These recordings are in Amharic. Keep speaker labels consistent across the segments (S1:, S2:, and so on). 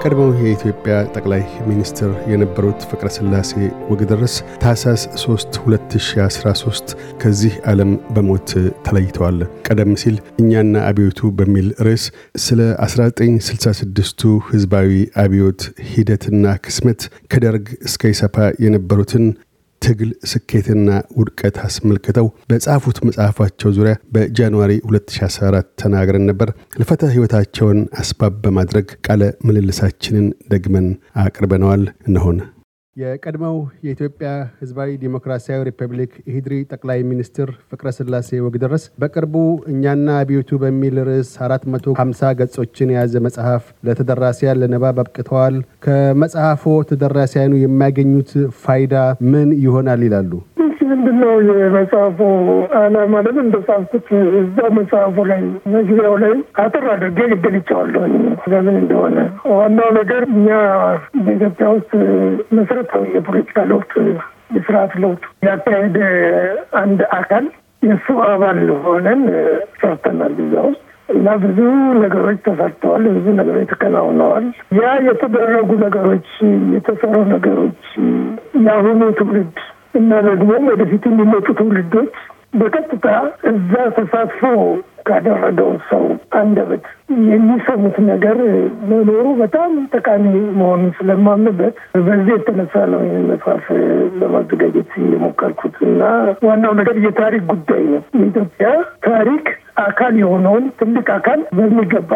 S1: የቀድሞው የኢትዮጵያ ጠቅላይ ሚኒስትር የነበሩት ስላሴ ወግደረስ ታህሳስ 3 2013 ከዚህ ዓለም በሞት ተለይተዋል። ቀደም ሲል እኛና አብዮቱ በሚል ርዕስ ስለ 1966ቱ ህዝባዊ አብዮት ሂደትና ክስመት ከደርግ እስከ ኢሰፓ የነበሩትን ትግል ስኬትና ውድቀት አስመልክተው በጻፉት መጽሐፋቸው ዙሪያ በጃንዋሪ 2014 ተናግረን ነበር። ልፈተ ሕይወታቸውን አስባብ በማድረግ ቃለ ምልልሳችንን ደግመን አቅርበነዋል። እነሆን። የቀድሞው የኢትዮጵያ ህዝባዊ ዴሞክራሲያዊ ሪፐብሊክ ሂድሪ ጠቅላይ ሚኒስትር ፍቅረ ስላሴ ወግደረስ በቅርቡ እኛና አብዮቱ በሚል ርዕስ 450 ገጾችን የያዘ መጽሐፍ ለተደራሲያን ለንባብ አብቅተዋል። ከመጽሐፎ ተደራሲያኑ የሚያገኙት ፋይዳ ምን ይሆናል ይላሉ?
S2: ምንድን ነው የመጽሐፉ አላማ? ለምን እንደጻፍኩት እዛ መጽሐፉ ላይ መግቢያው ላይ አጥር አድርጌ ልገልጫዋለሁ ለምን እንደሆነ። ዋናው ነገር እኛ በኢትዮጵያ ውስጥ መሰረታዊ የፖለቲካ ለውጥ፣ የስርዓት ለውጥ ያካሄደ አንድ አካል የእሱ አባል ሆነን ሰርተናል እዛ ውስጥ እና ብዙ ነገሮች ተሰርተዋል። ብዙ ነገሮች ተከናውነዋል። ያ የተደረጉ ነገሮች፣ የተሰሩ ነገሮች የአሁኑ ትውልድ እና ደግሞም ወደፊት የሚመጡ ትውልዶች በቀጥታ እዛ ተሳትፎ ካደረገው ሰው አንደበት የሚሰሙት ነገር መኖሩ በጣም ጠቃሚ መሆኑን ስለማምንበት በዚህ የተነሳ ነው ይህን መጽሐፍ ለማዘጋጀት የሞከርኩት እና ዋናው ነገር የታሪክ ጉዳይ ነው። የኢትዮጵያ ታሪክ አካል የሆነውን ትልቅ አካል በሚገባ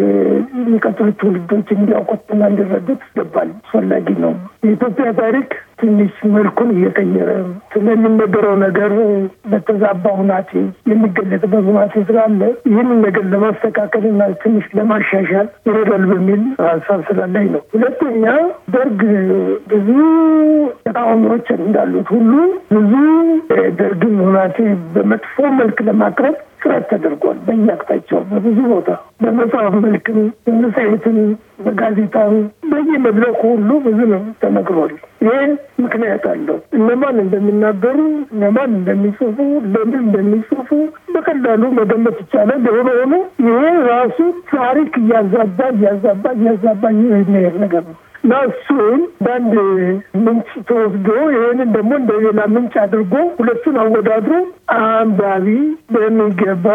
S2: የሚቀጥሉት ትውልዶች እንዲያውቁትና እንዲረዱት ይገባል፣ አስፈላጊ ነው። የኢትዮጵያ ታሪክ ትንሽ መልኩን እየቀየረ ስለሚነገረው ነገር በተዛባ ሁናቴ የሚገለጽበት ሁናቴ ስላለ ይህን ነገር ለማስተካከል እና ትንሽ ለማሻሻል ይረዳል በሚል ሀሳብ ስላለኝ ነው። ሁለተኛ ደርግ ብዙ ተቃዋሚዎች እንዳሉት ሁሉ ብዙ ደርግን ሁናቴ በመጥፎ መልክ ለማቅረብ ጥረት ተደርጓል። በየአቅጣጫው በብዙ ቦታ በመጽሐፍ መልክም በመጽሔትም በጋዜጣም በየመድረኩ ሁሉ ብዙ ነው ተነግሯል። ይህ ምክንያት አለው። እነማን እንደሚናገሩ እነማን እንደሚጽፉ ለምን እንደሚጽፉ በቀላሉ መገመት ይቻላል። የሆነ ሆኖ ይሄ ራሱ ታሪክ እያዛባ እያዛባ እያዛባ የሚሄድ ነገር ነው እና በአንድ ምንጭ ተወስዶ ይህንን ደግሞ እንደሌላ ምንጭ አድርጎ ሁለቱን አወዳድሮ አንባቢ በሚገባ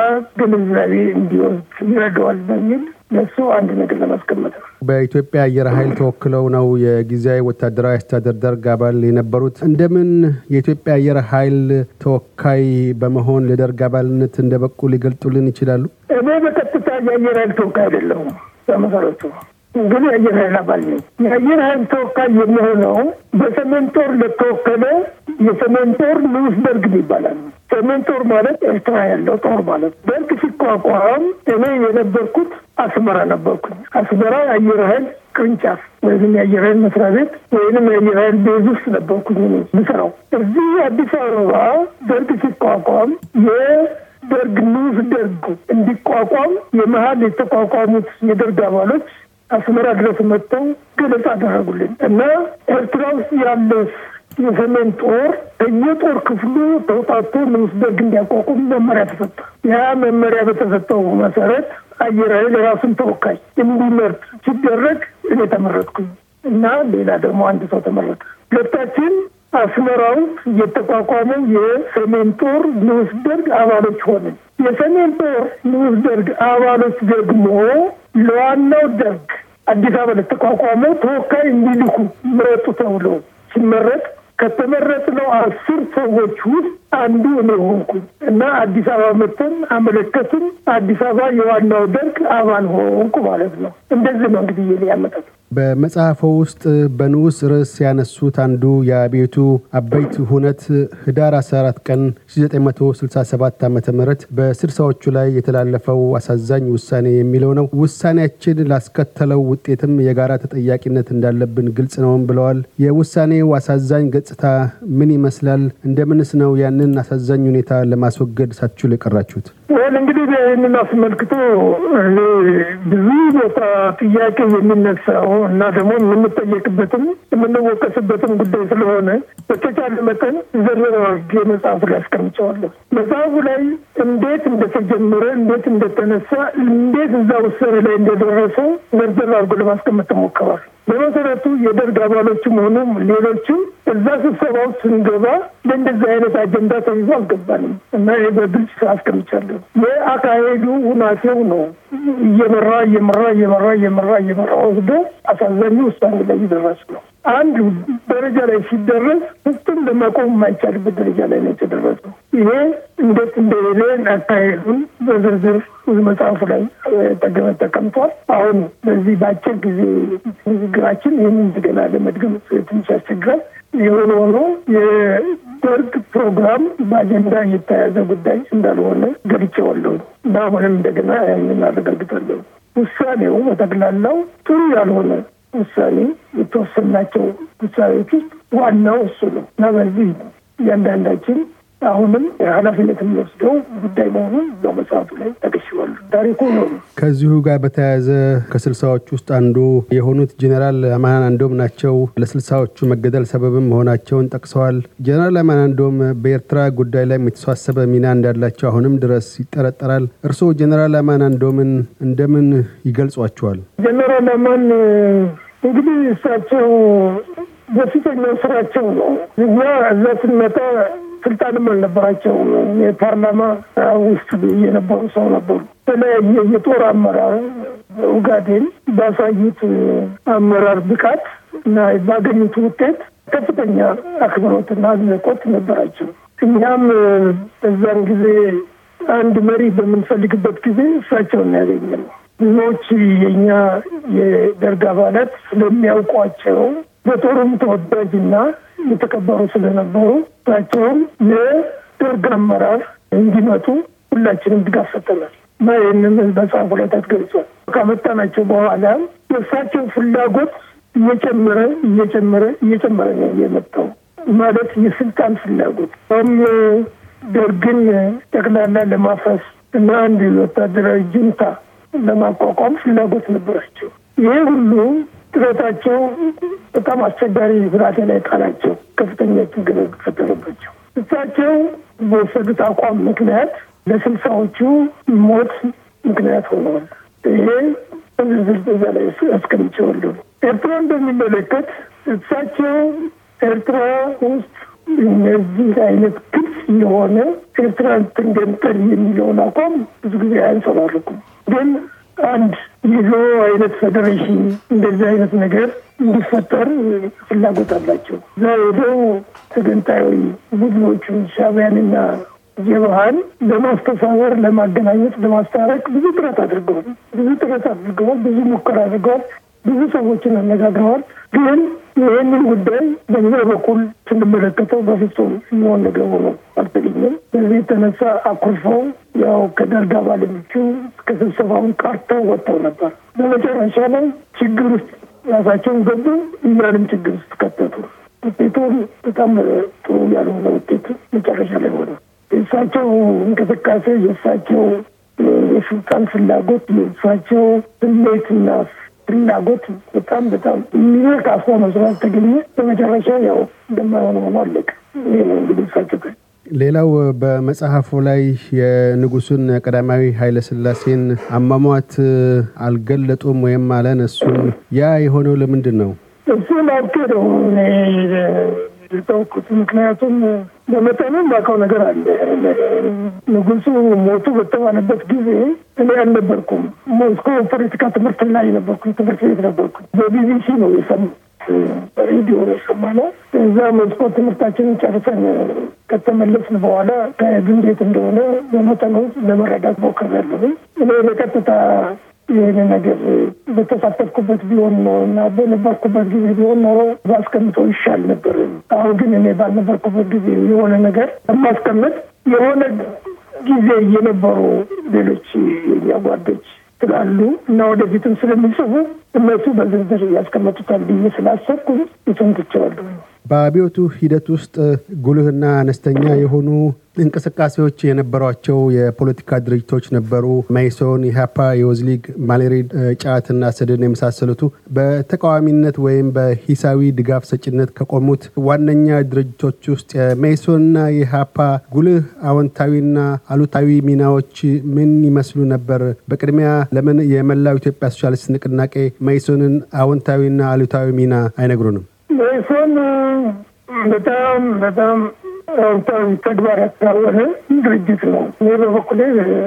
S2: ግንዛቤ እንዲወስድ ይረዳዋል በሚል ለሱ አንድ ነገር ለማስቀመጥ
S1: ነው። በኢትዮጵያ አየር ኃይል ተወክለው ነው የጊዜያዊ ወታደራዊ አስተዳደር ደርግ አባል የነበሩት። እንደምን የኢትዮጵያ አየር ኃይል ተወካይ በመሆን ለደርግ አባልነት እንደበቁ ሊገልጡልን ይችላሉ?
S2: እኔ በቀጥታ የአየር ኃይል ተወካይ አይደለሁም። በመሰረቱ ግን የአየር ኃይል አባል ነኝ። የአየር ኃይል ተወካይ የሚሆነው በሰሜን ጦር ለተወከለ የሰሜን ጦር ንዑስ ደርግ ይባላል። ስምንት ጦር ማለት ኤርትራ ያለው ጦር ማለት በእርቅ ሲቋቋም እኔ የነበርኩት አስመራ ነበርኩኝ። አስመራ የአየር ኃይል ቅርንጫፍ ወይም የአየር ኃይል መስሪያ ቤት ወይንም የአየር ኃይል ቤዝ ውስጥ ነበርኩኝ ምስራው እዚህ አዲስ አበባ ደርግ ሲቋቋም የ ደርግ ንዑስ ደርግ እንዲቋቋም የመሀል የተቋቋሙት የደርግ አባሎች አስመራ ድረስ መጥተው ገለጻ አደረጉልን እና ኤርትራ ውስጥ ያለ የሰሜን ጦር በየጦር ክፍሉ ተውጣቶ ንዑስ ደርግ እንዲያቋቁም መመሪያ ተሰጠ። ያ መመሪያ በተሰጠው መሰረት አየር ኃይል ራሱን ተወካይ እንዲመርጥ ሲደረግ እኔ ተመረጥኩኝ እና ሌላ ደግሞ አንድ ሰው ተመረጠ። ሁለታችን አስመራው የተቋቋመ የሰሜን ጦር ንዑስ ደርግ አባሎች ሆንን። የሰሜን ጦር ንዑስ ደርግ አባሎች ደግሞ ለዋናው ደርግ አዲስ አበባ ለተቋቋመው ተወካይ እንዲልኩ ምረጡ ተብሎ ሲመረጥ ከተመረጥነው አስር ሰዎች ውስጥ አንዱ እኔ ሆንኩኝ እና አዲስ አበባ መተን አመለከቱን። አዲስ አበባ የዋናው ደርግ አባል ሆንኩ ማለት ነው። እንደዚህ ነው እንግዲህ የኔ ያመጣት።
S1: በመጽሐፎ ውስጥ በንዑስ ርዕስ ያነሱት አንዱ የአቤቱ አበይት ሁነት ህዳር 14 ቀን 1967 ዓ ም በስልሳዎቹ ላይ የተላለፈው አሳዛኝ ውሳኔ የሚለው ነው። ውሳኔያችን ላስከተለው ውጤትም የጋራ ተጠያቂነት እንዳለብን ግልጽ ነውም ብለዋል። የውሳኔው አሳዛኝ ገጽታ ምን ይመስላል? እንደምንስ ነው ያንን ይህንን አሳዛኝ ሁኔታ ለማስወገድ ሳትችሉ የቀራችሁት?
S2: ወል እንግዲህ ይህንን አስመልክቶ ብዙ ቦታ ጥያቄ የሚነሳው እና ደግሞ የምንጠየቅበትም የምንወቀስበትም ጉዳይ ስለሆነ በተቻለ መጠን ዘርዘር አድርጌ መጽሐፉ ላይ አስቀምጨዋለሁ። መጽሐፉ ላይ እንዴት እንደተጀመረ፣ እንዴት እንደተነሳ፣ እንዴት እዛ ውሳኔ ላይ እንደደረሰ ዘርዘር አድርጎ ለማስቀመጥ ተሞክሯል። በመሰረቱ የደርግ አባሎችም ሆኑ ሌሎችም እዛ ስብሰባ ውስጥ ስንገባ ለእንደዚህ አይነት አጀንዳ ተይዞ አልገባንም እና ይህ በግልጽ አስቀምጫለሁ። አይደለም። የአካሄዱ ሁናቴው ነው እየመራ እየመራ እየመራ እየመራ እየመራ ወስዶ አሳዛኝ ውሳኔ ላይ ይደረስ ነው። አንድ ደረጃ ላይ ሲደረስ ፍጹም ለመቆም የማይቻልበት ደረጃ ላይ ነው የተደረሰው። ይሄ እንዴት እንደሌለ አካሄዱን በዝርዝር መጽሐፉ ላይ ጠገመ ተቀምጧል። አሁን በዚህ በአጭር ጊዜ ንግግራችን ይህንን እንደገና ለመድገም ትንሽ ያስቸግራል። የሆነ ሆኖ የደርግ ፕሮግራም በአጀንዳ የተያዘ ጉዳይ እንዳልሆነ ገልጬዋለሁ። በአሁንም እንደገና ያንን አረጋግጣለሁ። ውሳኔው በጠቅላላው ጥሩ ያልሆነ ውሳኔ የተወሰናቸው ውሳኔዎች ውስጥ ዋናው እሱ ነው እና በዚህ እያንዳንዳችን አሁንም ኃላፊነት የሚወስደው ጉዳይ መሆኑን በመጽሐፉ ላይ ተገሽዋል። ታሪኩ ነው።
S1: ከዚሁ ጋር በተያያዘ ከስልሳዎች ውስጥ አንዱ የሆኑት ጀኔራል አማን አንዶም ናቸው። ለስልሳዎቹ መገደል ሰበብም መሆናቸውን ጠቅሰዋል። ጀኔራል አማን አንዶም በኤርትራ ጉዳይ ላይ የተሰባሰበ ሚና እንዳላቸው አሁንም ድረስ ይጠረጠራል። እርስዎ ጀኔራል አማን አንዶምን እንደምን ይገልጿቸዋል?
S2: ጀኔራል አማን እንግዲህ እሳቸው በፊተኛው ስራቸው ነው እኛ እዛ ስንመጣ ስልጣንም አልነበራቸውም። የፓርላማ ውስጥ የነበሩ ሰው ነበሩ። በተለያየ የጦር አመራር ኡጋዴን ባሳዩት አመራር ብቃት እና ባገኙት ውጤት ከፍተኛ አክብሮትና አድናቆት ነበራቸው። እኛም በዛን ጊዜ አንድ መሪ በምንፈልግበት ጊዜ እሳቸውን ያገኘነው ብዙዎች የእኛ የደርግ አባላት ስለሚያውቋቸው በጦሩም ተወዳጅና የተከበሩ ስለነበሩ እሳቸውም የደርግ አመራር እንዲመጡ ሁላችንም ድጋፍ ሰጥተናል እና ይህንን መጽሐፉ ላይ ተገልጿል። ከመጣናቸው በኋላ የእሳቸው ፍላጎት እየጨመረ እየጨመረ እየጨመረ ነው የመጣው። ማለት የስልጣን ፍላጎት ም ደርግን ጠቅላላ ለማፍረስ እና አንድ ወታደራዊ ጅንታ ለማቋቋም ፍላጎት ነበራቸው። ይሄ ሁሉ ጥረታቸው በጣም አስቸጋሪ ሁኔታ ላይ ጣላቸው። ከፍተኛ ችግር ፈጠረባቸው። እሳቸው በወሰዱት አቋም ምክንያት ለስልሳዎቹ ሞት ምክንያት ሆነዋል። ይሄ በዝርዝር እዛ ላይ አስቀምጬዋለሁ። ኤርትራን በሚመለከት እሳቸው ኤርትራ ውስጥ እነዚህ አይነት ግልጽ የሆነ ኤርትራን ትንገምጠል የሚለውን አቋም ብዙ ጊዜ አያንጸባርኩም ግን አንድ ይዞ አይነት ፌዴሬሽን እንደዚህ አይነት ነገር እንዲፈጠር ፍላጎት አላቸው። እዛ ሄደው ተገንጣዊ ቡድኖቹን ሻዕቢያንና የባህል ለማስተሳበር፣ ለማገናኘት፣ ለማስታረቅ ብዙ ጥረት አድርገዋል። ብዙ ጥረት አድርገዋል። ብዙ ሙከራ አድርገዋል። ብዙ ሰዎችን አነጋግረዋል ግን ይህንን ጉዳይ በኛ በኩል ስንመለከተው በፍጹም የሚሆን ነገር ሆኖ አልተገኘም። በዚህ የተነሳ አኩርፈው ያው ከደርግ አባሎቹ ከስብሰባውን ቀርተው ወጥተው ነበር። በመጨረሻ ላይ ችግር ውስጥ ራሳቸውን ገቡ፣ እኛንም ችግር ውስጥ ከተቱ። ውጤቱም በጣም ጥሩ ያልሆነ ውጤት መጨረሻ ላይ ሆነ። የእሳቸው እንቅስቃሴ፣ የእሳቸው የስልጣን ፍላጎት፣ የእሳቸው ስሜትና ፍላጎት በጣም በጣም የሚበቃ ሆኖ ስላልተገኘ በመጨረሻ ያው እንደማይሆን ማለቅ አለቀ። እንግዲህ ሳጭበት
S1: ሌላው በመጽሐፉ ላይ የንጉሱን ቀዳማዊ ኃይለ ስላሴን አሟሟት አልገለጡም ወይም አለን። እሱን ያ የሆነው ለምንድን ነው?
S2: እሱ ላውቄ ነው የተውኩት። ምክንያቱም በመጠኑም ባውቀው ነገር አለ። ንጉሱ ሞቱ በተባለበት ጊዜ እኔ አልነበርኩም። ሞስኮ ፖለቲካ ትምህርት ላይ ነበርኩ፣ ትምህርት ቤት ነበርኩ። በቢቢሲ ነው የሰማሁት፣ ሬዲዮ ነው የሰማነው። እዛ ሞስኮ ትምህርታችንን ጨርሰን ከተመለስን በኋላ ከድንገት እንደሆነ በመጠኑ ለመረዳት ሞክሬያለሁ። እኔ በቀጥታ ይህን ነገር በተሳተፍኩበት ቢሆን ኖሮ እና በነበርኩበት ጊዜ ቢሆን ኖሮ ባስቀምጠው ይሻል ነበር። አሁን ግን እኔ ባልነበርኩበት ጊዜ የሆነ ነገር ለማስቀመጥ የሆነ ጊዜ እየነበሩ ሌሎች የኛ ጓዶች ስላሉ እና ወደፊትም ስለሚጽፉ እነሱ በዝርዝር እያስቀመጡታል ብዬ ስላሰብኩ ይቱን ትቸዋለሁ።
S1: በአብዮቱ ሂደት ውስጥ ጉልህና አነስተኛ የሆኑ እንቅስቃሴዎች የነበሯቸው የፖለቲካ ድርጅቶች ነበሩ። ማይሶን፣ ኢህአፓ፣ የወዝ ሊግ፣ ማሌሪድ፣ ጫትና ስድን የመሳሰሉቱ በተቃዋሚነት ወይም በሂሳዊ ድጋፍ ሰጭነት ከቆሙት ዋነኛ ድርጅቶች ውስጥ የመይሶንና የኢህአፓ ጉልህ አዎንታዊና አሉታዊ ሚናዎች ምን ይመስሉ ነበር? በቅድሚያ ለምን የመላው ኢትዮጵያ ሶሻሊስት ንቅናቄ መይሶንን አዎንታዊና አሉታዊ ሚና አይነግሩንም?
S2: እሱን በጣም በጣም አዎንታዊ ተግባር ያከናወነ ድርጅት ነው። እኔ በበኩሌ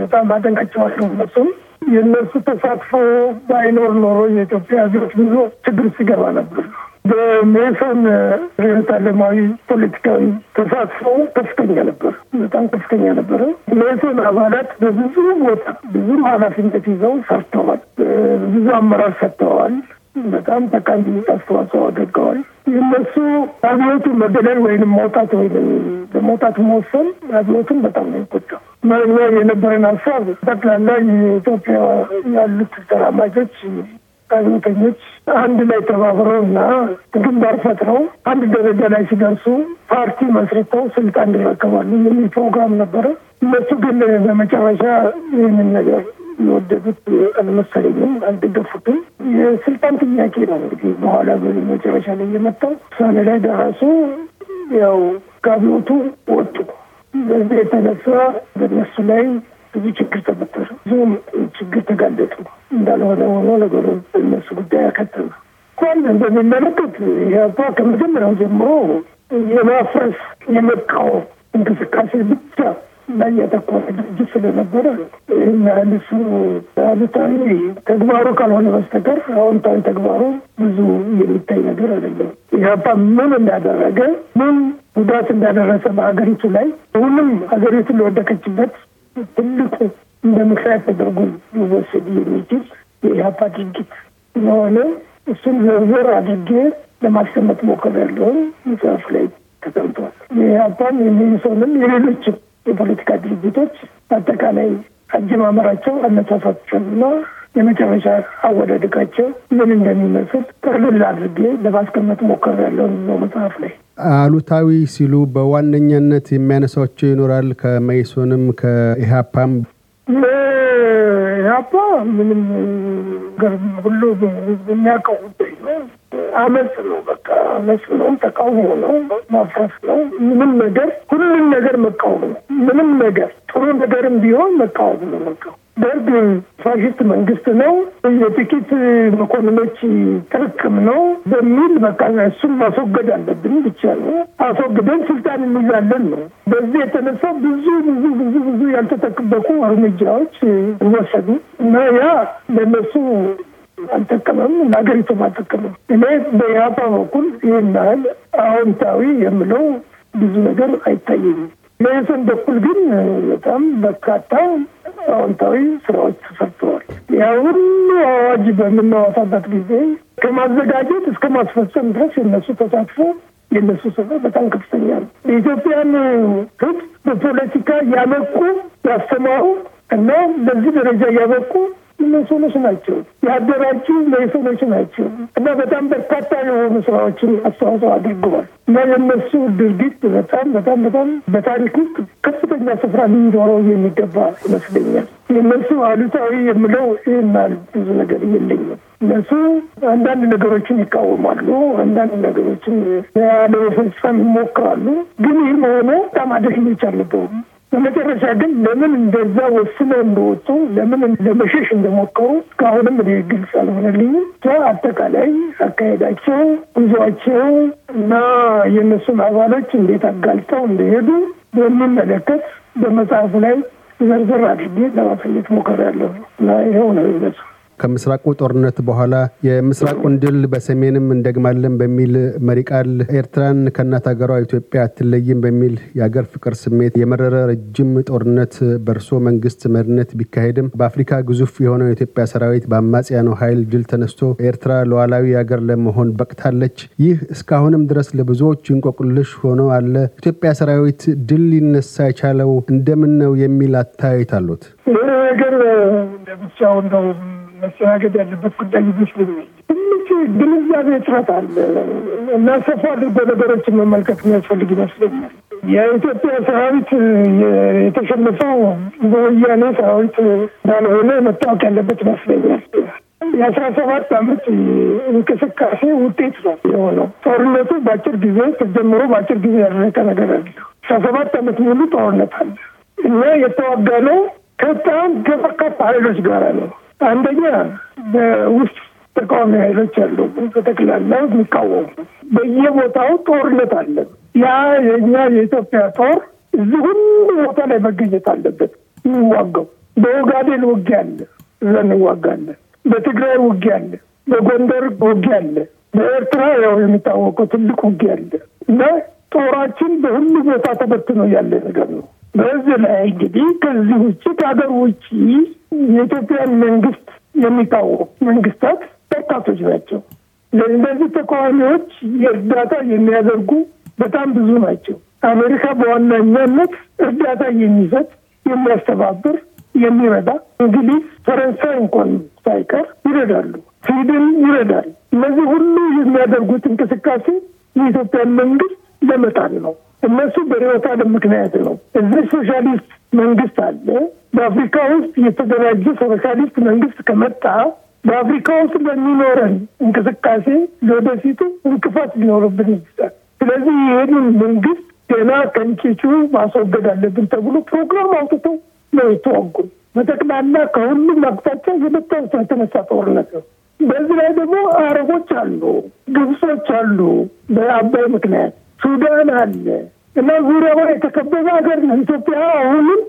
S2: በጣም አደንቃቸዋለሁ። እነሱም የእነሱ ተሳትፎ ባይኖር ኖሮ የኢትዮጵያ ሕዝቦች ብዙ ችግር ሲገባ ነበር። በሜሶን ርዕዮተ ዓለማዊ ፖለቲካዊ ተሳትፎ ከፍተኛ ነበር፣ በጣም ከፍተኛ ነበረ። ሜሶን አባላት በብዙ ቦታ ብዙ ኃላፊነት ይዘው ሰርተዋል፣ ብዙ አመራር ሰጥተዋል። በጣም ጠቃሚ አስተዋጽኦ አድርገዋል። የእነሱ አብዮቱ መገደል ወይም መውጣት ወይ ለመውጣት መወሰን አብዮቱን በጣም ነው የቆጨው። መግበር የነበረን ሀሳብ ጠቅላላ የኢትዮጵያ ያሉት ተራማጆች ጋዜጠኞች አንድ ላይ ተባብረው እና ግንባር ፈጥረው አንድ ደረጃ ላይ ሲደርሱ ፓርቲ መስርተው ስልጣን ይረከባሉ የሚል ፕሮግራም ነበረ። እነሱ ግን በመጨረሻ ይህንን ነገር የወደዱት አልመሰለኝም፣ አልደገፉትም። የስልጣን ጥያቄ ነው እንግዲህ በኋላ በመጨረሻ ላይ የመጣው ውሳኔ ላይ ደረሱ። ያው ካቢኔቱ ወጡ። በዚህ የተነሳ በነሱ ላይ ብዙ ችግር ተፈጠረ። ብዙም ችግር ተጋለጡ። እንዳልሆነ ሆኖ ነገሩ እነሱ ጉዳይ አከተሉ። እንኳን በሚመለከት ኢህአፓ ከመጀመሪያው ጀምሮ የማፍረስ የመቃወም እንቅስቃሴ ብቻ ላይ ያተኮረ ድርጅት ስለነበረ ይህን ያህል እሱ አሉታዊ ተግባሩ ካልሆነ በስተቀር አዎንታዊ ተግባሩ ብዙ የሚታይ ነገር አይደለም። ኢህአፓ ምን እንዳደረገ ምን ጉዳት እንዳደረሰ በሀገሪቱ ላይ ሁሉም ሀገሪቱ ለወደቀችበት ትልቁ እንደ ምክንያት ተደርጎ ሊወሰድ የሚችል የኢህአፓ ድርጊት ስለሆነ እሱን ዝርዝር አድርጌ ለማስቀመጥ ሞከር ያለውን መጽሐፍ ላይ ተቀምጧል። የኢህአፓም የሚሰውንም የሌሎችም የፖለቲካ ድርጅቶች በአጠቃላይ አጀማመራቸው፣ አነሳሳቸውና የመጨረሻ አወዳደቃቸው ምን እንደሚመስል ጠቅልል አድርጌ ለማስቀመጥ ያለው ነው መጽሐፍ ላይ።
S1: አሉታዊ ሲሉ በዋነኛነት የሚያነሳቸው ይኖራል። ከመይሶንም ከኢህአፓም
S2: ያባ ምንም ሁሉ የሚያውቀው ጉዳይ ነው። አመፅ ነው፣ በቃ አመፅ ነው፣ ተቃውሞ ነው፣ ማፍረስ ነው። ምንም ነገር ሁሉም ነገር መቃወም ነው። ምንም ነገር ጥሩ ነገርም ቢሆን መቃወም ነው። መቃወም ደርግ ፋሽስት መንግስት ነው፣ የጥቂት መኮንኖች ጥርቅም ነው በሚል በቃ እሱም ማስወገድ አለብን ብቻ ነው። አስወግደን ስልጣን እንይዛለን ነው። በዚህ የተነሳ ብዙ ብዙ ብዙ ብዙ ያልተጠበቁ እርምጃዎች ይወሰዱ እና ያ ለነሱ አልጠቀመም፣ ለሀገሪቱም አልጠቀመም። እኔ በኢህአፓ በኩል ይህን ያህል አዎንታዊ የምለው ብዙ ነገር አይታየኝም። በየሰን በኩል ግን በጣም በርካታ አዎንታዊ ስራዎች ተሰርተዋል። ያሁሉ አዋጅ በምናወጣበት ጊዜ ከማዘጋጀት እስከ ማስፈጸም ድረስ የነሱ ተሳትፎ የነሱ ስራ በጣም ከፍተኛ ነው። የኢትዮጵያን ሕዝብ በፖለቲካ ያበቁ ያስተማሩ እና በዚህ ደረጃ እያበቁ? እነሱ ናቸው የአደራችው ለሰዎች ናቸው እና በጣም በርካታ የሆኑ ስራዎችን አስተዋጽኦ አድርገዋል እና የነሱ ድርጊት በጣም በጣም በጣም በታሪክ ውስጥ ከፍተኛ ስፍራ ሊኖረው የሚገባ ይመስለኛል። የነሱ አሉታዊ የምለው ይህናል ብዙ ነገር የለኝም። እነሱ አንዳንድ ነገሮችን ይቃወማሉ፣ አንዳንድ ነገሮችን ያለመፈጸም ይሞክራሉ። ግን ይህም ሆኖ በጣም አደገኞች አልነበሩም። በመጨረሻ ግን ለምን እንደዛ ወስነው እንደወጡ ለምን ለመሸሽ እንደሞከሩ እስካሁንም እኔ ግልጽ አልሆነልኝም። አጠቃላይ አካሄዳቸው፣ ጉዟቸው እና የእነሱን አባሎች እንዴት አጋልጠው እንደሄዱ በሚመለከት በመጽሐፉ ላይ ዘርዘር አድርጌ ለማሳየት ሞከር ያለው
S1: እና ይኸው ነው ይበሱ ከምስራቁ ጦርነት በኋላ የምስራቁን ድል በሰሜንም እንደግማለን በሚል መሪ ቃል ኤርትራን ከእናት ሀገሯ ኢትዮጵያ አትለይም በሚል የአገር ፍቅር ስሜት የመረረ ረጅም ጦርነት በእርሶ መንግስት መሪነት ቢካሄድም በአፍሪካ ግዙፍ የሆነው የኢትዮጵያ ሰራዊት በአማጽያኑ ኃይል ድል ተነስቶ ኤርትራ ሉዓላዊ አገር ለመሆን በቅታለች። ይህ እስካሁንም ድረስ ለብዙዎች እንቆቅልሽ ሆኖ አለ። ኢትዮጵያ ሰራዊት ድል ሊነሳ የቻለው እንደምን ነው የሚል አታያይት አሉት።
S2: ይህ ነገር እንደው መስተናገድ ያለበት ጉዳይ ይመስለኛል። ትንሽ ግንዛቤ እጥረት አለ እና ሰፋ አድርጎ ነገሮችን መመልከት የሚያስፈልግ ይመስለኛል። የኢትዮጵያ ሰራዊት የተሸነፈው በወያኔ ሰራዊት እንዳልሆነ መታወቅ ያለበት ይመስለኛል። የአስራ ሰባት አመት እንቅስቃሴ ውጤት ነው የሆነው። ጦርነቱ በአጭር ጊዜ ተጀምሮ በአጭር ጊዜ ያደረቀ ነገር አለ። አስራ ሰባት አመት ሙሉ ጦርነት አለ እና የተዋጋ ነው ከጣም ከበርካታ ኃይሎች ጋር ነው አንደኛ በውስጥ ተቃዋሚ ኃይሎች አሉ፣ በጠቅላላ የሚቃወሙ በየቦታው ጦርነት አለ። ያ የእኛ የኢትዮጵያ ጦር እዚህ ሁሉ ቦታ ላይ መገኘት አለበት የሚዋጋው። በኦጋዴን ውጊያ አለ፣ እዛ እንዋጋለን። በትግራይ ውጊያ አለ፣ በጎንደር ውጊያ አለ፣ በኤርትራ ያው የሚታወቀው ትልቅ ውጊያ አለ እና ጦራችን በሁሉ ቦታ ተበትኖ ያለ ነገር ነው። በዚህ ላይ እንግዲህ ከዚህ ውጭ ከሀገር ውጭ የኢትዮጵያን መንግስት የሚታወቁ መንግስታት በርካቶች ናቸው። ለእነዚህ ተቃዋሚዎች የእርዳታ የሚያደርጉ በጣም ብዙ ናቸው። አሜሪካ በዋናኛነት እርዳታ የሚሰጥ የሚያስተባብር፣ የሚረዳ እንግሊዝ፣ ፈረንሳይ እንኳን ሳይቀር ይረዳሉ። ስዊድን ይረዳል። እነዚህ ሁሉ የሚያደርጉት እንቅስቃሴ የኢትዮጵያን መንግስት ለመጣል ነው። እነሱ በርዕዮተ ዓለም ምክንያት ነው። እዚህ ሶሻሊስት መንግስት አለ በአፍሪካ ውስጥ የተደራጀ ሶሻሊስት መንግስት ከመጣ በአፍሪካ ውስጥ በሚኖረን እንቅስቃሴ ለወደፊቱ እንቅፋት ሊኖርብን ይችላል። ስለዚህ ይህንን መንግስት ገና ከእንጭጩ ማስወገድ አለብን ተብሎ ፕሮግራም አውጥቶ ነው የተዋጉ። በጠቅላላ ከሁሉም አቅጣጫ የመጣ የተነሳ ጦርነት ነው። በዚህ ላይ ደግሞ አረቦች አሉ፣ ግብጾች አሉ፣ በአባይ ምክንያት ሱዳን አለ እና ዙሪያ የተከበበ ሀገር ነው ኢትዮጵያ አሁንም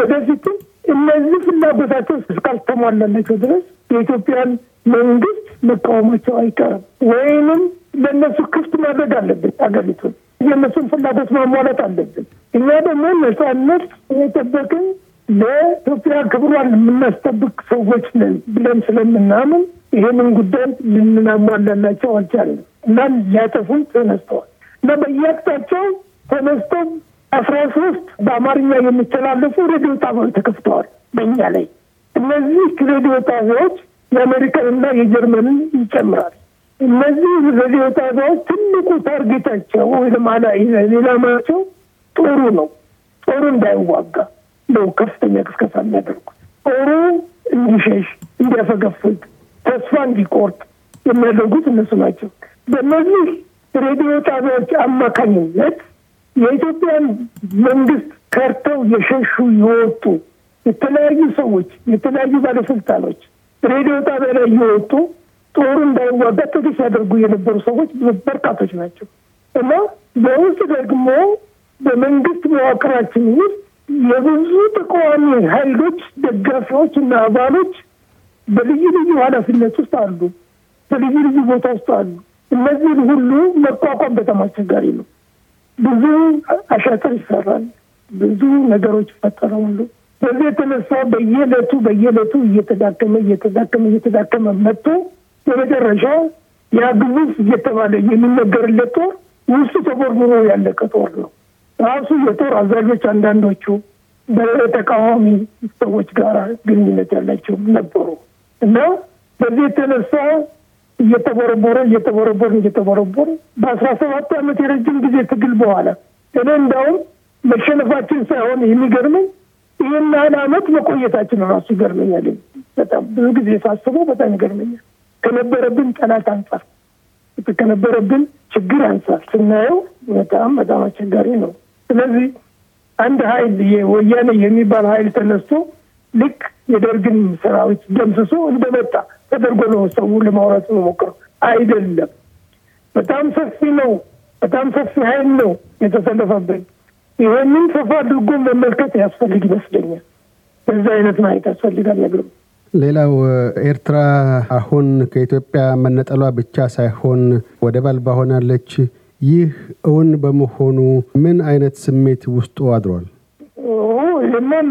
S2: ወደፊትም እነዚህ ፍላጎታቸው እስካልተሟላላቸው ድረስ የኢትዮጵያን መንግስት መቃወማቸው አይቀርም። ወይንም ለእነሱ ክፍት ማድረግ አለብን አገሪቱን የእነሱን ፍላጎት ማሟላት አለብን። እኛ ደግሞ ነጻነት የጠበቅን ለኢትዮጵያ ክብሯን የምናስጠብቅ ሰዎች ነን ብለን ስለምናምን ይህንን ጉዳይ ልናሟላላቸው አልቻለም እና ሊያጠፉን ተነስተዋል እና በየአቅጣጫው ተነስተው አስራ ሶስት በአማርኛ የሚተላለፉ ሬዲዮ ጣቢያዎች ተከፍተዋል በእኛ ላይ። እነዚህ ሬዲዮ ጣቢያዎች የአሜሪካንና የጀርመንን ይጨምራል። እነዚህ ሬዲዮ ጣቢያዎች ትልቁ ታርጌታቸው ወይም ኢላማቸው ጦሩ ነው። ጦሩ እንዳይዋጋ ነው ከፍተኛ ቅስቀሳ የሚያደርጉት። ጦሩ እንዲሸሽ፣ እንዲያፈገፍግ፣ ተስፋ እንዲቆርጥ የሚያደርጉት እነሱ ናቸው። በእነዚህ ሬዲዮ ጣቢያዎች አማካኝነት የኢትዮጵያን መንግስት ከርተው የሸሹ የወጡ የተለያዩ ሰዎች የተለያዩ ባለስልጣኖች ሬዲዮ ጣቢያ ላይ የወጡ ጦሩ እንዳይዋጋ ትግል ሲያደርጉ የነበሩ ሰዎች በርካቶች ናቸው እና በውስጥ ደግሞ በመንግስት መዋቅራችን ውስጥ የብዙ ተቃዋሚ ኃይሎች ደጋፊዎች እና አባሎች በልዩ ልዩ ኃላፊነት ውስጥ አሉ፣ በልዩ ልዩ ቦታ ውስጥ አሉ። እነዚህን ሁሉ መቋቋም በጣም አስቸጋሪ ነው። ብዙ አሻጥር ይሰራል፣ ብዙ ነገሮች ይፈጠራሉ። በዚህ የተነሳ በየዕለቱ በየዕለቱ እየተዳከመ እየተዳከመ እየተዳከመ መጥቶ በመጨረሻ ያ ግዙፍ እየተባለ የሚነገርለት ጦር ውስጡ ተቦርቡሮ ያለቀ ጦር ነው። ራሱ የጦር አዛዦች አንዳንዶቹ በተቃዋሚ ሰዎች ጋር ግንኙነት ያላቸው ነበሩ እና በዚህ የተነሳ እየተቦረቦረ እየተቦረቦረ እየተቦረቦረ በአስራ ሰባት አመት የረጅም ጊዜ ትግል በኋላ እኔ እንዳውም መሸነፋችን ሳይሆን የሚገርመኝ ይህን ያህል አመት መቆየታችን ራሱ ይገርመኛል። በጣም ብዙ ጊዜ ሳስበው በጣም ይገርመኛል። ከነበረብን ጠላት አንጻር፣ ከነበረብን ችግር አንጻር ስናየው በጣም በጣም አስቸጋሪ ነው። ስለዚህ አንድ ኃይል ወያኔ የሚባል ኃይል ተነስቶ ልክ የደርግን ሰራዊት ደምስሶ እንደመጣ ተደርጎ ነው ሰው ለማውራት መሞክረው አይደለም። በጣም ሰፊ ነው። በጣም ሰፊ ኃይል ነው የተሰለፈብን። ይህንን ሰፋ አድርጎ መመልከት ያስፈልግ ይመስለኛል። በዚ አይነት ማየት ያስፈልጋል ነገሩ።
S1: ሌላው ኤርትራ አሁን ከኢትዮጵያ መነጠሏ ብቻ ሳይሆን ወደብ አልባ ሆናለች። ይህ እውን በመሆኑ ምን አይነት ስሜት ውስጡ አድሯል?
S2: ይህንን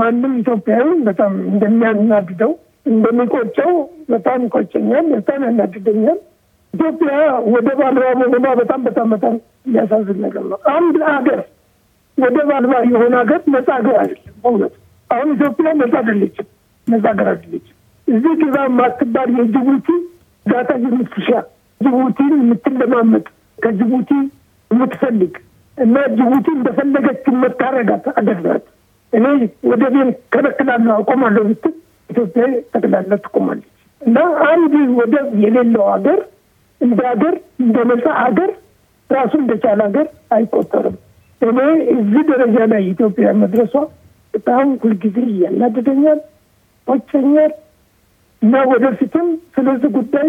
S2: ማንም ኢትዮጵያዊ በጣም እንደሚያናድደው እንደሚቆጨው በጣም ይቆጨኛል፣ በጣም ያናድደኛል። ኢትዮጵያ ወደ ባልባ መሆኗ በጣም በጣም በጣም የሚያሳዝን ነገር ነው። አንድ ሀገር ወደ ባልባ የሆነ ሀገር ነጻ ሀገር አይደለም። በእውነት አሁን ኢትዮጵያ ነጻ አይደለችም፣ ነጻ ሀገር አይደለችም። እዚህ ግዛ ማትባል የጅቡቲ እርዳታ የምትሻ ጅቡቲን የምትለማመጥ ከጅቡቲ የምትፈልግ እና ጅቡቲ እንደፈለገችው መታረጋት አደራት እኔ ወደቤን ከበክላለሁ አቆማለሁ ብትል ኢትዮጵያ ጠቅላላ ትቆማለች። እና አንድ ወደብ የሌለው ሀገር እንደ ሀገር እንደ ነጻ ሀገር ራሱ እንደቻለ ሀገር አይቆጠርም። እኔ እዚህ ደረጃ ላይ ኢትዮጵያ መድረሷ በጣም ሁልጊዜ ያናድደኛል፣ ቆጨኛል እና ወደፊትም ስለዚህ ጉዳይ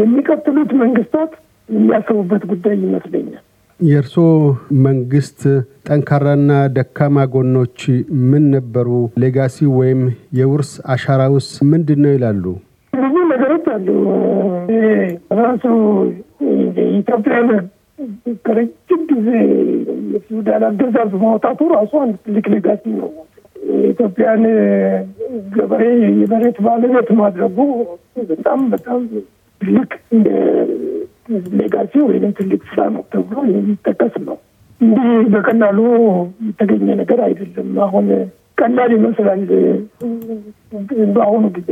S2: የሚቀጥሉት መንግስታት የሚያስቡበት ጉዳይ ይመስለኛል።
S1: የእርስዎ መንግስት ጠንካራና ደካማ ጎኖች ምን ነበሩ? ሌጋሲ ወይም የውርስ አሻራውስ ምንድን ነው ይላሉ?
S2: ብዙ ነገሮች አሉ። ራሱ ኢትዮጵያ ከረጅም ጊዜ የሱዳን አገዛዝ ማውጣቱ ራሱ አንድ ትልቅ ሌጋሲ ነው። የኢትዮጵያን ገበሬ የመሬት ባለቤት ማድረጉ በጣም በጣም ትልቅ ሌጋሲ ወይም ትልቅ ስራ ነው ተብሎ የሚጠቀስ ነው። እንዲህ በቀላሉ የተገኘ ነገር አይደለም። አሁን ቀላል ይመስላል በአሁኑ ጊዜ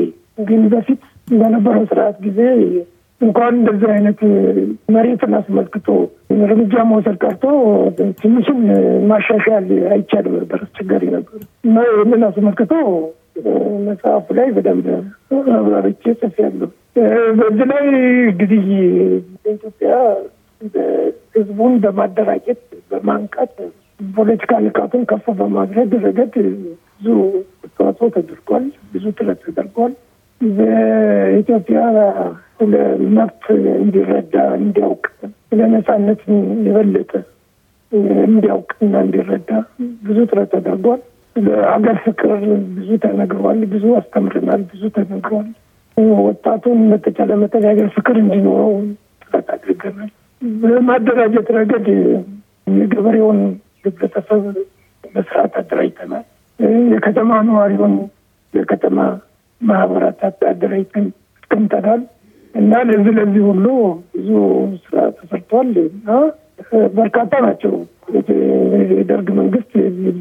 S2: ግን በፊት በነበረው ስርዓት ጊዜ እንኳን እንደዚህ አይነት መሬትን አስመልክቶ እርምጃ መውሰድ ቀርቶ ትንሽም ማሻሻል አይቻልም ነበር፣ አስቸጋሪ ነበር ይህንን አስመልክቶ መጽሐፉ ላይ በደንብ አብራርቼ ጽፌያለሁ። በዚህ ላይ እንግዲህ በኢትዮጵያ ህዝቡን በማደራጀት በማንቃት ፖለቲካ ንቃቱን ከፍ በማድረግ ረገድ ብዙ አስተዋጽኦ ተደርጓል። ብዙ ጥረት ተደርጓል። በኢትዮጵያ ስለ መብት እንዲረዳ እንዲያውቅ፣ ስለ ነፃነት የበለጠ እንዲያውቅ እና እንዲረዳ ብዙ ጥረት ተደርጓል። ስለ አገር ፍቅር ብዙ ተነግሯል። ብዙ አስተምረናል። ብዙ ተነግሯል። ወጣቱን በተቻለ መተጋገር ፍቅር እንዲኖረው ጥረት አድርገናል። በማደራጀት ረገድ የገበሬውን ህብረተሰብ በስርዓት አደራጅተናል። የከተማ ነዋሪውን የከተማ ማህበራት አደራጅተን አስቀምጠናል እና ለዚህ ለዚህ ሁሉ ብዙ ስራ ተሰርቷል እና በርካታ ናቸው የደርግ መንግስት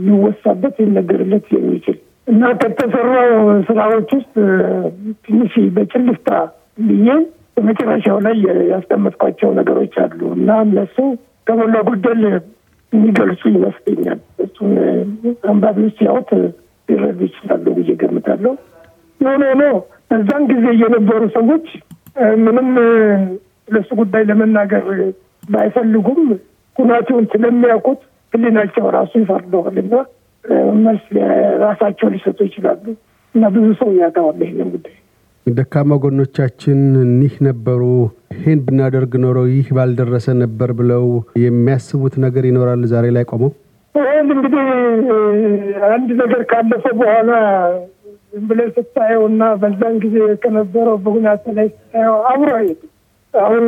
S2: ሊወሳበት ሊነገርለት የሚችል እና ከተሰራው ስራዎች ውስጥ ትንሽ በጭልፍታ ብዬ በመጨረሻው ላይ ያስቀመጥኳቸው ነገሮች አሉ እና እነሱ ከሞላ ጎደል የሚገልጹ ይመስለኛል። እሱን አንባቢዎች ሲያዩት ሊረዱ ይችላሉ ብዬ ገምታለሁ። የሆነ ሆኖ እዛን ጊዜ የነበሩ ሰዎች ምንም ለሱ ጉዳይ ለመናገር ባይፈልጉም ሁናቸውን ስለሚያውቁት ህሊናቸው ራሱ ይፈርደዋል እና መልስ ራሳቸው ሊሰጡ ይችላሉ እና ብዙ ሰው ያጣዋለ ይህን ጉዳይ
S1: ደካማ ጎኖቻችን እኒህ ነበሩ፣ ይህን ብናደርግ ኖሮ ይህ ባልደረሰ ነበር ብለው የሚያስቡት ነገር ይኖራል። ዛሬ ላይ ቆመው
S2: ይህም እንግዲህ አንድ ነገር ካለፈ በኋላ ዝም ብለህ ስታየው እና በዛን ጊዜ ከነበረው በሁናተ ላይ ስታየው አብሮ አይሄድም። አሁን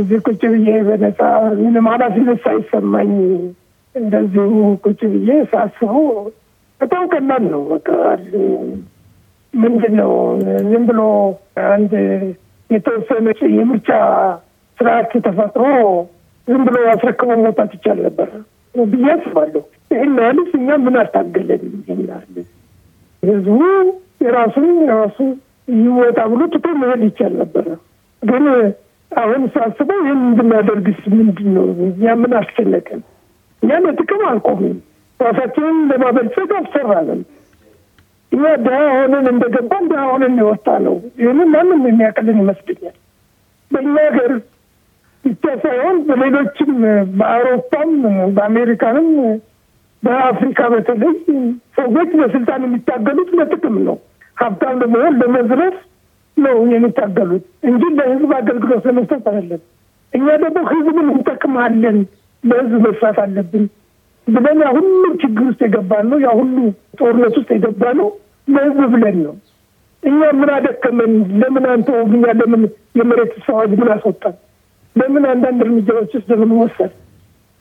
S2: እዚህ ቁጭ ብዬ በነፃ ምንም ኃላፊነት ሳይሰማኝ እንደዚሁ ቁጭ ብዬ ሳስበው በጣም ቀላል ነው። በቃ ምንድን ነው ዝም ብሎ አንድ የተወሰነ የምርጫ ስርዓት ተፈጥሮ ዝም ብሎ አስረክበ መውጣት ይቻል ነበር ብዬ አስባለሁ። ይህን ያህልስ እኛ ምን አልታገለን? ይህን ያህል ህዝቡ የራሱን የራሱ ይወጣ ብሎ ትቶ መሄድ ይቻል ነበረ። ግን አሁን ሳስበው ይህን እንድናደርግስ ምንድን ነው? እኛ ምን አስጨነቀን? እኛም ጥቅም አልቆምም። ራሳችንን ለማበልጸግ አልሰራንም። እኛ ድሀ ሆነን እንደገባን ድሀ ሆነን የወጣ ነው። ይህንን ማንም የሚያቅልን ይመስለኛል። በእኛ ሀገር ብቻ ሳይሆን በሌሎችም በአውሮፓም፣ በአሜሪካንም፣ በአፍሪካ በተለይ ሰዎች በስልጣን የሚታገሉት ለጥቅም ነው። ሀብታም ለመሆን ለመዝረፍ ነው የሚታገሉት እንጂ ለህዝብ አገልግሎት ለመስጠት አይደለም። እኛ ደግሞ ህዝብን እንጠቅማለን በህዝብ መስራት አለብን ብለን ያ ሁሉም ችግር ውስጥ የገባ ነው። ያ ሁሉ ጦርነት ውስጥ የገባ ነው ለህዝብ ብለን ነው። እኛ ምን አደከመን? ለምን አንተ ወግኛ ለምን የመሬት ሰዋጅ ምን አስወጣል? ለምን አንዳንድ እርምጃዎች ውስጥ ለምን ወሰድ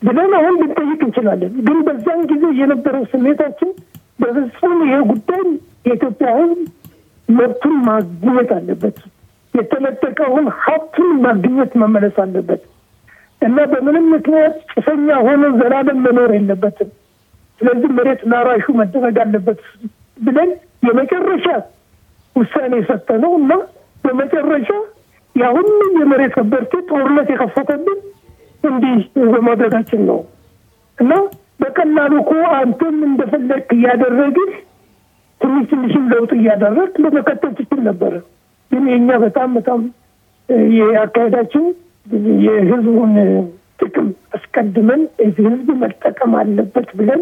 S2: ብለን አሁን ልንጠይቅ እንችላለን። ግን በዛን ጊዜ የነበረው ስሜታችን በፍጹም ይሄ ጉዳይ የኢትዮጵያ ህዝብ መብቱን ማግኘት አለበት፣ የተነጠቀውን ሀብቱን ማግኘት መመለስ አለበት እና በምንም ምክንያት ጭሰኛ ሆኖ ዘላለም መኖር የለበትም። ስለዚህ መሬት ላራሹ መደረግ አለበት ብለን የመጨረሻ ውሳኔ የሰጠ ነው እና በመጨረሻ የአሁኑም የመሬት ከበርቴ ጦርነት የከፈተብን እንዲህ በማድረጋችን ነው እና በቀላሉ እኮ አንተም እንደፈለግ እያደረግህ ትንሽ ትንሽም ለውጥ እያደረግ ለመቀጠል ትችል ነበረ። ግን የእኛ በጣም በጣም የአካሄዳችን የህዝቡን ጥቅም አስቀድመን እዚህ ህዝብ መጠቀም አለበት ብለን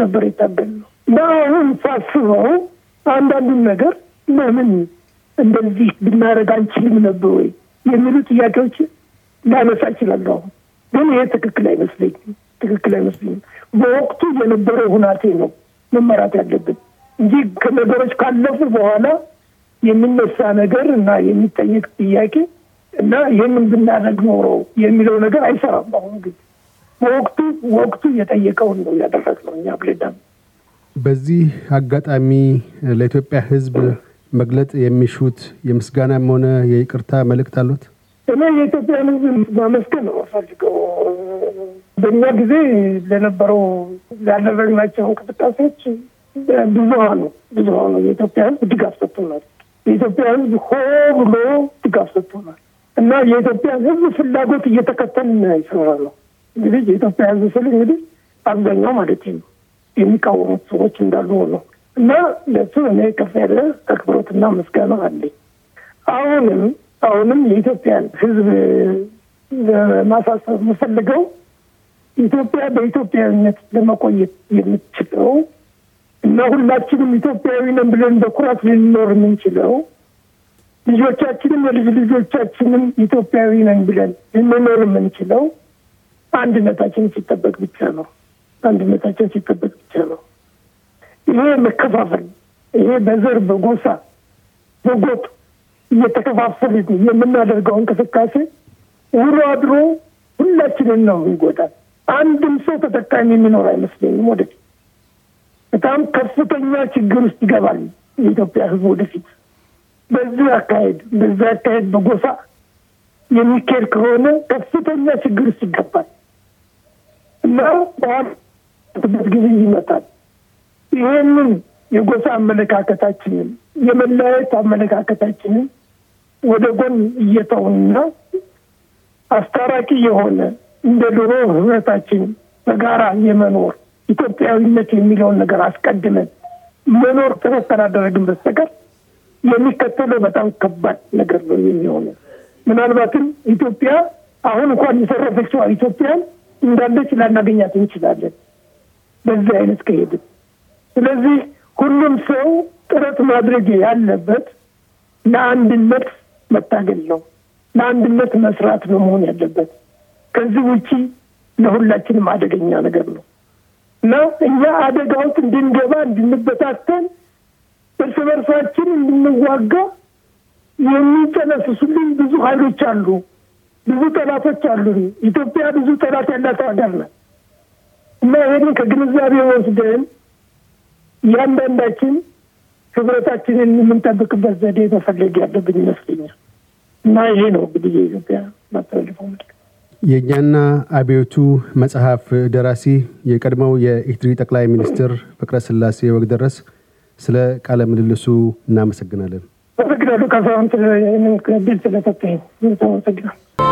S2: ነበር የታገል ነው እና አሁን ሳስበው አንዳንዱን ነገር ለምን እንደዚህ ብናደርግ አንችልም ነበር ወይ የሚሉ ጥያቄዎች ላነሳ ይችላሉ። አሁን ግን ይሄ ትክክል አይመስለኝም፣ ትክክል አይመስለኝም። በወቅቱ የነበረው ሁናቴ ነው መመራት ያለብን እንጂ ከነገሮች ካለፉ በኋላ የሚነሳ ነገር እና የሚጠየቅ ጥያቄ እና ይህንን ብናደርግ ኖሮ የሚለው ነገር አይሰራም። በአሁኑ ጊዜ ወቅቱ ወቅቱ የጠየቀውን ነው ያደረግነው እኛ ብሌዳም።
S1: በዚህ አጋጣሚ ለኢትዮጵያ ሕዝብ መግለጥ የሚሹት የምስጋናም ሆነ የይቅርታ መልእክት አሉት?
S2: እኔ የኢትዮጵያን ሕዝብ ማመስገን ነው ፈልገው በእኛ ጊዜ ለነበረው ያደረግናቸው እንቅስቃሴዎች ብዙሀኑ ብዙሀኑ የኢትዮጵያ ሕዝብ ድጋፍ ሰጥቶናል። የኢትዮጵያ ሕዝብ ሆ ብሎ ድጋፍ ሰጥቶናል። እና የኢትዮጵያ ሕዝብ ፍላጎት እየተከተልን ይሰራ ነው። እንግዲህ የኢትዮጵያ ሕዝብ ስል እንግዲህ አብዛኛው ማለት ነው የሚቃወሙት ሰዎች እንዳሉ ነው። እና ለሱ እኔ ከፍ ያለ አክብሮትና ምስጋና አለኝ። አሁንም አሁንም የኢትዮጵያን ሕዝብ ማሳሰብ የምፈልገው ኢትዮጵያ በኢትዮጵያዊነት ለመቆየት የምትችለው እና ሁላችንም ኢትዮጵያዊ ነን ብለን በኩራት ልንኖር የምንችለው ልጆቻችንም የልጅ ልጆቻችንም ኢትዮጵያዊ ነን ብለን ልንኖር የምንችለው አንድነታችን ሲጠበቅ ብቻ ነው። አንድነታችን ሲጠበቅ ብቻ ነው። ይሄ መከፋፈል፣ ይሄ በዘር በጎሳ በጎጥ እየተከፋፈልን የምናደርገው እንቅስቃሴ ውሎ አድሮ ሁላችንን ነው ይጎዳል። አንድም ሰው ተጠቃሚ የሚኖር አይመስለኝም። ወደፊት በጣም ከፍተኛ ችግር ውስጥ ይገባል የኢትዮጵያ ሕዝብ ወደፊት በዚህ አካሄድ በዚህ አካሄድ በጎሳ የሚካሄድ ከሆነ ከፍተኛ ችግር ውስጥ ይገባል እና በኋላበት ጊዜ ይመጣል። ይህንን የጎሳ አመለካከታችንን የመለያየት አመለካከታችንን ወደ ጎን እየተውና አስታራቂ የሆነ እንደ ድሮ ህብረታችን በጋራ የመኖር ኢትዮጵያዊነት የሚለውን ነገር አስቀድመን መኖር ጥረት ካላደረግን በስተቀር የሚከተለው በጣም ከባድ ነገር ነው የሚሆነ ምናልባትም ኢትዮጵያ አሁን እንኳን የተረፈችዋ ኢትዮጵያን እንዳለች ላናገኛት እንችላለን በዚህ አይነት ከሄድን። ስለዚህ ሁሉም ሰው ጥረት ማድረግ ያለበት ለአንድነት መታገል ነው፣ ለአንድነት መስራት ነው መሆን ያለበት። ከዚህ ውጪ ለሁላችንም አደገኛ ነገር ነው እና እኛ አደጋ ውስጥ እንድንገባ እንድንበታተን እርስ በርሳችን እንድንዋጋ የሚጨለስሱልኝ ብዙ ኃይሎች አሉ፣ ብዙ ጠላቶች አሉ። ኢትዮጵያ ብዙ ጠላት ያላት ሀገር ነ እና ይህን ከግንዛቤ ወስደን እያንዳንዳችን ህብረታችንን የምንጠብቅበት ዘዴ መፈለግ ያለብን ይመስለኛል። እና ይሄ ነው እንግዲህ የኢትዮጵያ ማስተላለፈው መልክ
S1: የእኛና አብዮቱ መጽሐፍ ደራሲ የቀድሞው የኢትሪ ጠቅላይ ሚኒስትር ፍቅረ ስላሴ ወግደረስ ስለ ቃለ ምልልሱ እናመሰግናለን።
S2: አመሰግናለሁ። ካሳሁን ስለሰጠኝ አመሰግናለሁ።